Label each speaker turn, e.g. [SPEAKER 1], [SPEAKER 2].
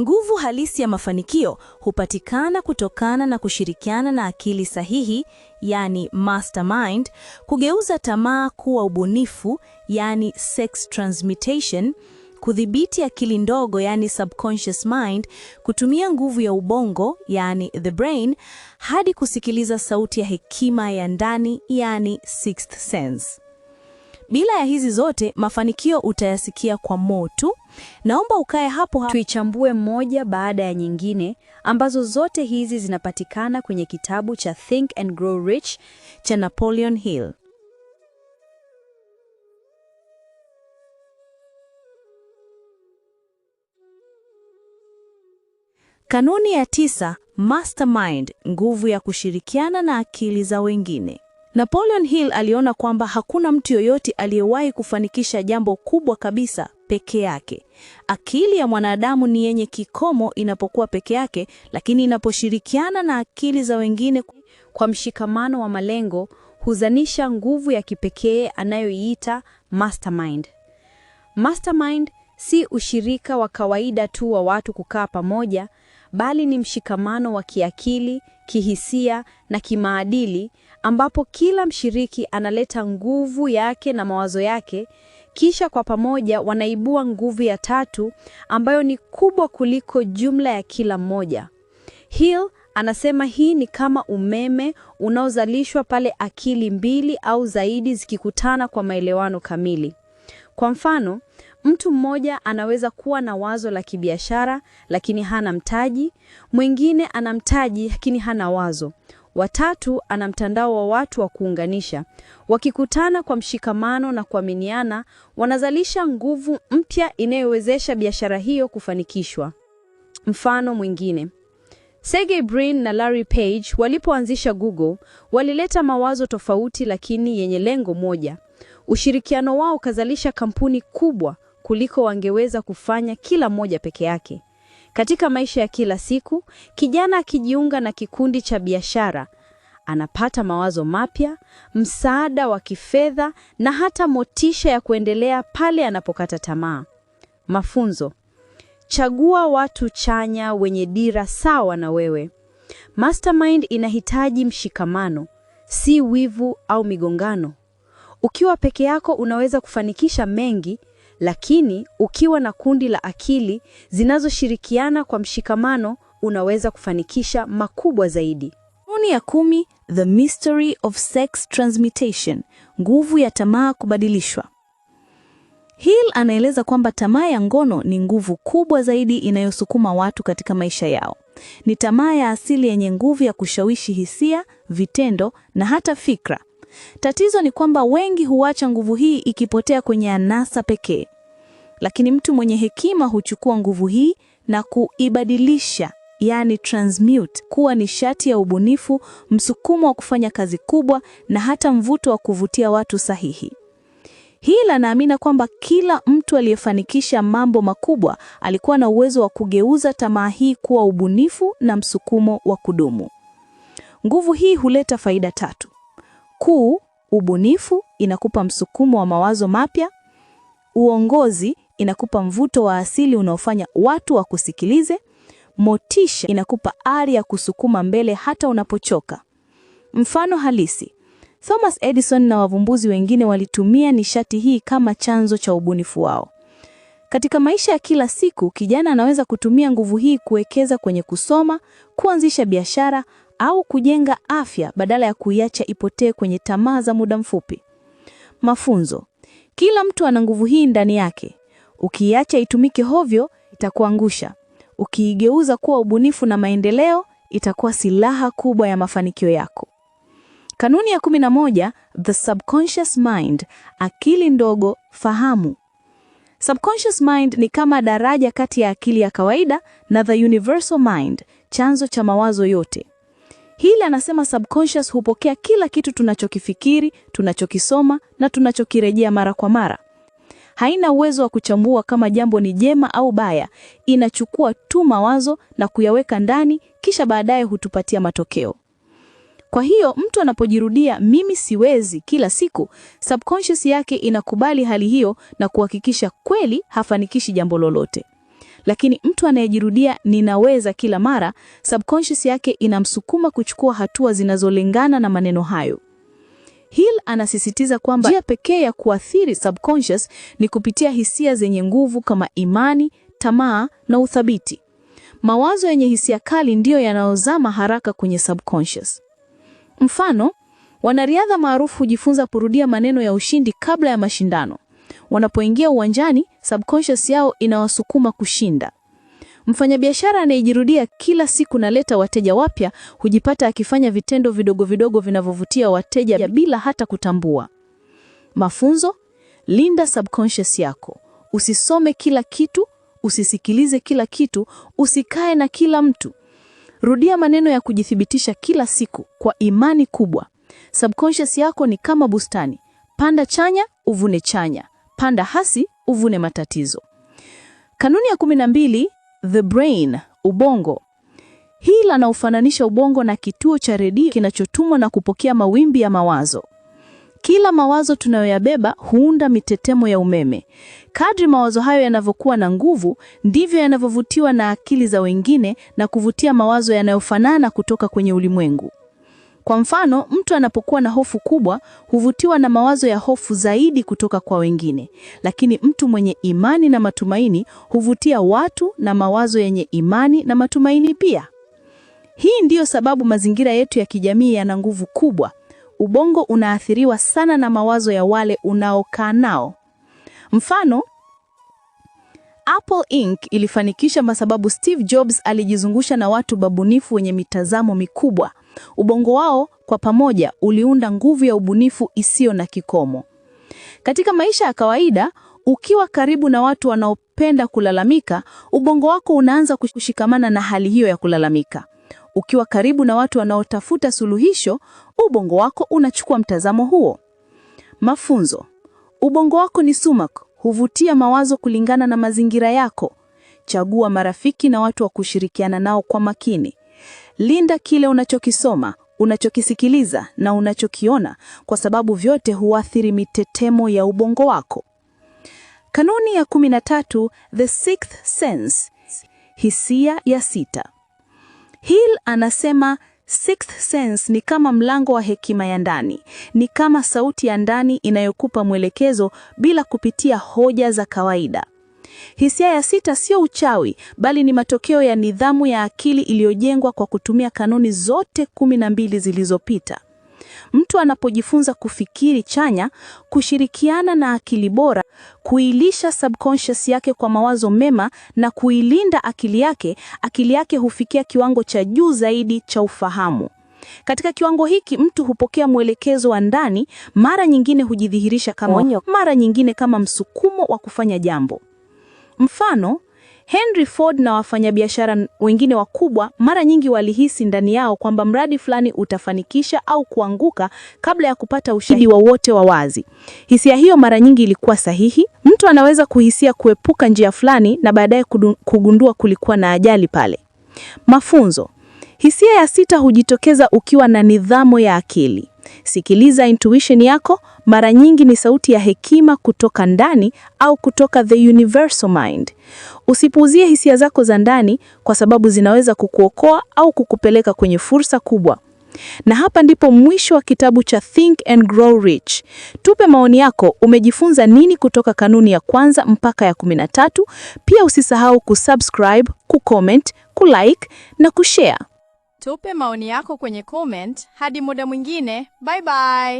[SPEAKER 1] Nguvu halisi ya mafanikio hupatikana kutokana na kushirikiana na akili sahihi, yani mastermind, kugeuza tamaa kuwa ubunifu, yani sex transmutation, kudhibiti akili ndogo, yani subconscious mind, kutumia nguvu ya ubongo, yani the brain, hadi kusikiliza sauti ya hekima ya ndani, yani sixth sense. Bila ya hizi zote, mafanikio utayasikia kwa moo tu. Naomba ukae hapo hapo,
[SPEAKER 2] tuichambue moja baada ya nyingine, ambazo zote hizi zinapatikana kwenye kitabu cha Think and Grow Rich cha Napoleon Hill.
[SPEAKER 1] Kanuni ya tisa, Mastermind, nguvu ya kushirikiana na akili za wengine. Napoleon Hill aliona kwamba hakuna mtu yoyote aliyewahi kufanikisha jambo kubwa kabisa peke yake. Akili ya mwanadamu ni yenye kikomo inapokuwa peke yake, lakini inaposhirikiana na akili za wengine kwa mshikamano wa malengo, huzanisha nguvu ya kipekee anayoiita mastermind. Mastermind si ushirika wa kawaida tu wa watu kukaa pamoja, bali ni mshikamano wa kiakili kihisia na kimaadili, ambapo kila mshiriki analeta nguvu yake na mawazo yake, kisha kwa pamoja wanaibua nguvu ya tatu ambayo ni kubwa kuliko jumla ya kila mmoja. Hill anasema hii ni kama umeme unaozalishwa pale akili mbili au zaidi zikikutana kwa maelewano kamili. Kwa mfano, mtu mmoja anaweza kuwa na wazo la kibiashara lakini hana mtaji, mwingine ana mtaji lakini hana wazo, watatu ana mtandao wa watu wa kuunganisha. Wakikutana kwa mshikamano na kuaminiana, wanazalisha nguvu mpya inayowezesha biashara hiyo kufanikishwa. Mfano mwingine Sergey Brin na Larry Page walipoanzisha Google walileta mawazo tofauti lakini yenye lengo moja. Ushirikiano wao ukazalisha kampuni kubwa kuliko wangeweza kufanya kila mmoja peke yake. Katika maisha ya kila siku, kijana akijiunga na kikundi cha biashara anapata mawazo mapya, msaada wa kifedha na hata motisha ya kuendelea pale anapokata tamaa. Mafunzo: chagua watu chanya wenye dira sawa na wewe. Mastermind inahitaji mshikamano, si wivu au migongano. Ukiwa peke yako unaweza kufanikisha mengi, lakini ukiwa na kundi la akili zinazoshirikiana kwa mshikamano, unaweza kufanikisha makubwa zaidi. Kanuni ya kumi, the mystery of sex transmutation, nguvu ya tamaa kubadilishwa. Hill anaeleza kwamba tamaa ya ngono ni nguvu kubwa zaidi inayosukuma watu katika maisha yao. Ni tamaa ya asili yenye nguvu ya kushawishi hisia, vitendo na hata fikra Tatizo ni kwamba wengi huacha nguvu hii ikipotea kwenye anasa pekee, lakini mtu mwenye hekima huchukua nguvu hii na kuibadilisha, yani transmute, kuwa nishati ya ubunifu, msukumo wa kufanya kazi kubwa na hata mvuto wa kuvutia watu sahihi. Hila naamini kwamba kila mtu aliyefanikisha mambo makubwa alikuwa na uwezo wa kugeuza tamaa hii kuwa ubunifu na msukumo wa kudumu. Nguvu hii huleta faida tatu kuu, ubunifu inakupa msukumo wa mawazo mapya, uongozi inakupa mvuto wa asili unaofanya watu wakusikilize, motisha inakupa ari ya kusukuma mbele hata unapochoka. Mfano halisi, Thomas Edison na wavumbuzi wengine walitumia nishati hii kama chanzo cha ubunifu wao. Katika maisha ya kila siku, kijana anaweza kutumia nguvu hii kuwekeza kwenye kusoma, kuanzisha biashara au kujenga afya badala ya kuiacha ipotee kwenye tamaa za muda mfupi. Mafunzo: kila mtu ana nguvu hii ndani yake. Ukiiacha itumike hovyo, itakuangusha. Ukiigeuza kuwa ubunifu na maendeleo, itakuwa silaha kubwa ya mafanikio yako. Kanuni ya kumi moja, the subconscious mind, akili ndogo fahamu. Subconscious mind ni kama daraja kati ya akili ya kawaida na the universal mind, chanzo cha mawazo yote. Hili anasema subconscious hupokea kila kitu tunachokifikiri, tunachokisoma na tunachokirejea mara kwa mara. Haina uwezo wa kuchambua kama jambo ni jema au baya, inachukua tu mawazo na kuyaweka ndani, kisha baadaye hutupatia matokeo. Kwa hiyo mtu anapojirudia mimi siwezi kila siku, subconscious yake inakubali hali hiyo na kuhakikisha kweli hafanikishi jambo lolote. Lakini mtu anayejirudia ninaweza kila mara, subconscious yake inamsukuma kuchukua hatua zinazolingana na maneno hayo. Hill anasisitiza kwamba
[SPEAKER 2] njia pekee ya kuathiri subconscious ni kupitia hisia zenye nguvu kama imani, tamaa na uthabiti. Mawazo yenye hisia kali ndiyo yanayozama haraka kwenye subconscious. Mfano, wanariadha maarufu hujifunza kurudia maneno ya ushindi kabla ya mashindano. Wanapoingia uwanjani, subconscious yao inawasukuma kushinda. Mfanyabiashara anayejirudia kila siku naleta wateja wapya hujipata akifanya vitendo vidogo vidogo vinavyovutia wateja bila hata kutambua. Mafunzo: linda subconscious yako, usisome kila kitu, usisikilize kila kitu, usikae na kila mtu. Rudia maneno ya kujithibitisha kila siku kwa imani kubwa. Subconscious yako ni kama bustani, panda chanya, uvune chanya panda hasi uvune matatizo. Kanuni ya kumi na mbili, the brain, ubongo. Hii linaufananisha ubongo na kituo cha redio kinachotumwa na kupokea mawimbi ya mawazo. Kila mawazo tunayoyabeba huunda mitetemo ya umeme. Kadri mawazo hayo yanavyokuwa na nguvu, ndivyo yanavyovutiwa na akili za wengine na kuvutia mawazo yanayofanana kutoka kwenye ulimwengu. Kwa mfano, mtu anapokuwa na hofu kubwa huvutiwa na mawazo ya hofu zaidi kutoka kwa wengine, lakini mtu mwenye imani na matumaini huvutia watu na mawazo yenye imani na matumaini pia. Hii ndiyo sababu mazingira yetu ya kijamii yana nguvu kubwa. Ubongo unaathiriwa sana na mawazo ya wale unaokaa nao. Mfano, Apple Inc ilifanikisha kwa sababu Steve Jobs alijizungusha na watu babunifu wenye mitazamo mikubwa. Ubongo wao kwa pamoja uliunda nguvu ya ubunifu isiyo na kikomo. Katika maisha ya kawaida, ukiwa karibu na watu wanaopenda kulalamika, ubongo wako unaanza kushikamana na hali hiyo ya kulalamika. Ukiwa karibu na watu wanaotafuta suluhisho, ubongo wako unachukua mtazamo huo. Mafunzo: ubongo wako ni sumak huvutia mawazo kulingana na mazingira yako. Chagua marafiki na watu wa kushirikiana nao kwa makini. Linda kile unachokisoma, unachokisikiliza na unachokiona, kwa sababu vyote huathiri mitetemo ya ubongo wako. Kanuni ya 13, the sixth sense, hisia ya sita. Hill anasema sixth sense ni kama mlango wa hekima ya ndani, ni kama sauti ya ndani inayokupa mwelekezo bila kupitia hoja za kawaida. Hisia ya sita sio uchawi, bali ni matokeo ya nidhamu ya akili iliyojengwa kwa kutumia kanuni zote kumi na mbili zilizopita. Mtu anapojifunza kufikiri chanya, kushirikiana na akili bora, kuilisha subconscious yake kwa mawazo mema na kuilinda akili yake, akili yake hufikia kiwango cha juu zaidi cha ufahamu. Katika kiwango hiki mtu hupokea mwelekezo wa ndani, mara nyingine hujidhihirisha kama onyo, mara nyingine kama msukumo wa kufanya jambo. Mfano, Henry Ford na wafanyabiashara wengine wakubwa mara nyingi walihisi ndani yao kwamba mradi fulani utafanikisha au kuanguka kabla ya kupata ushahidi
[SPEAKER 1] wowote wa, wa wazi. Hisia hiyo mara nyingi ilikuwa sahihi. Mtu anaweza kuhisia kuepuka njia fulani na baadaye kugundua kulikuwa na ajali pale. Mafunzo. Hisia ya sita hujitokeza ukiwa na nidhamu ya akili. Sikiliza intuition yako, mara nyingi ni sauti ya hekima kutoka ndani au kutoka the universal mind. Usipuuzie hisia zako za ndani, kwa sababu zinaweza kukuokoa au kukupeleka kwenye fursa kubwa. Na hapa ndipo mwisho wa kitabu cha Think and Grow Rich. Tupe maoni yako, umejifunza nini kutoka kanuni ya kwanza mpaka ya 13? Pia usisahau kusubscribe, kucomment, kulike na kushare.
[SPEAKER 2] Tupe maoni yako kwenye comment. Hadi muda mwingine, bye bye.